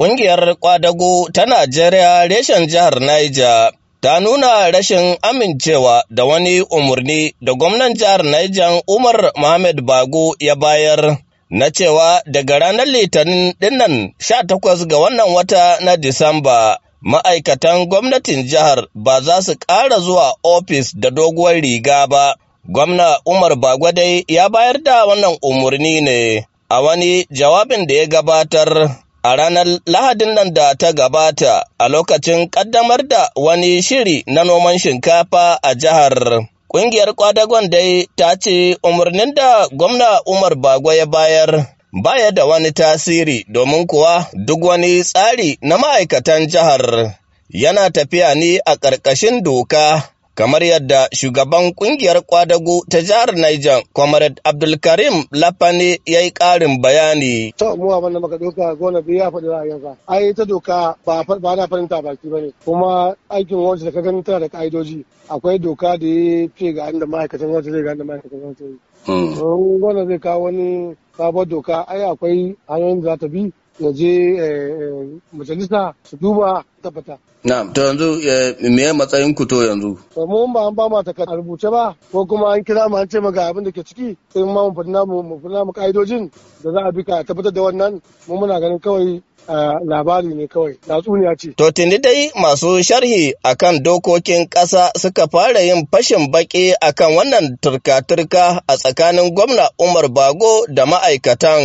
Ƙungiyar ƙwadago ta Najeriya reshen jihar Niger ta nuna rashin amincewa da wani umarni da gwamnan jihar Niger Umar Mohamed Bago ya bayar na cewa daga ranar Litinin dinnan 18 ga wannan wata na Disamba ma'aikatan gwamnatin jihar ba za su ƙara zuwa ofis da doguwar riga ba. Gwamna Umar dai ya bayar da wannan umarni ne a wani jawabin da ya gabatar A ranar Lahadin nan da ta gabata a lokacin ƙaddamar da wani shiri na noman shinkafa a jihar. Ƙungiyar Kwadagon dai ta ce umarnin da gwamna Umar Bago ya bayar baya da wani tasiri domin kuwa duk wani tsari na ma'aikatan jihar yana tafiya ne a ƙarƙashin doka kamar yadda shugaban kungiyar kwadago ta jihar Niger, Comrade Abdulkarim Lafane ya yi ƙarin bayani. To, mu abin da maka doka gona biyu ya faɗi ra'ayinsa. Ai, ta doka ba na farinta baki ba ne, kuma aikin wajen da ka gani tana da ka'idoji Akwai doka da ya fi ga inda ma'aikatan wajen zai ga inda ma'aikatan wajen zai. Hmm. Gwamna zai kawo wani sabon doka, ai akwai hanyoyin da za ta bi ya je eh, eh, majalisa su duba tabbata. Na, to yanzu eh, me ya matsayin ku to yanzu? Mu ba an ba ma ta rubuce ba ko kuma an kira mu an ce ga abin da ke ciki sai ma mu fadina mu fadi ka'idojin da za a bi ka tabbatar da wannan mu muna ganin kawai labari ne kawai tatsuniya ce. To tuni dai masu sharhi akan dokokin ƙasa suka fara yin fashin baki akan wannan turka-turka a tsakanin gwamna Umar Bago da ma'aikatan.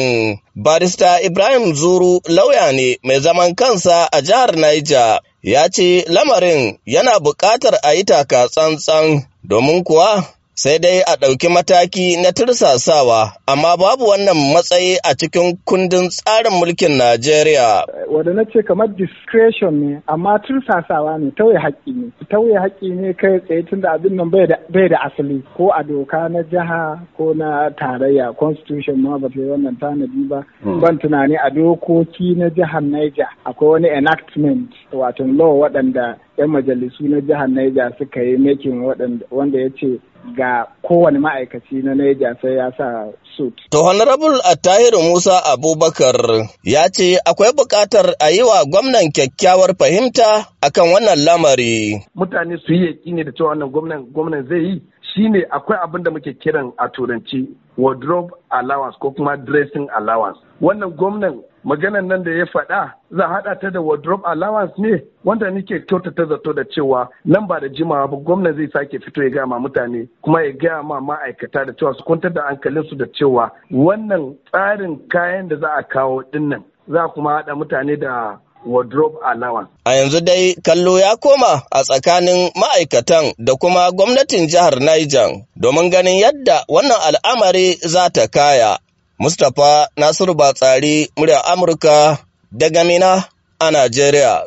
Barista Ibrahim Zuru lauya ne mai zaman kansa a jihar Niger. Ya ce lamarin yana buƙatar a yi taka tsantsan domin kuwa sai dai a ɗauki mataki na tursasawa, amma babu wannan matsayi a cikin kundin tsarin mulkin Najeriya. Wanda na ce kamar discretion ne, amma tursasawa ne, tauye haƙƙi ne. Tauye haƙƙi ne kai tsaye tun da abin nan bai da asali, ko a doka na jiha ko na tarayya, constitution ma ba yi wannan tanadi ba. Hmm. Ban tunani a dokoki na jihar Niger akwai wani enactment wato law waɗanda 'yan majalisu na jihar Niger suka yi making wanda ya ce ga kowane ma'aikaci na Niger sai ya sa suit. To Honorable Attahiru Musa Abubakar ya ce akwai buƙatar a yi wa gwamnan kyakkyawar fahimta akan wannan lamari. Mutane su yi ne da cewa wannan gwamnan zai yi shine akwai abin da muke kiran a turanci wardrobe allowance ko kuma dressing allowance wannan gwamnan maganan nan da ya faɗa za haɗa ta da wardrobe allowance ne wanda nake kyautata zato da cewa nan ba da jimawa ba gwamnan zai sake fito ya gaya ma mutane kuma ya gaya ma ma'aikata da cewa su kwantar da hankalinsu da cewa wannan tsarin kayan da za a kawo dinnan za kuma haɗa mutane da wardrobe allowance. A yanzu dai kallo ya koma a tsakanin ma'aikatan da kuma gwamnatin jihar Niger domin ganin yadda wannan al'amari za ta kaya. Mustapha Nasiru Batsari, murya Amurka, daga Mina a Najeriya.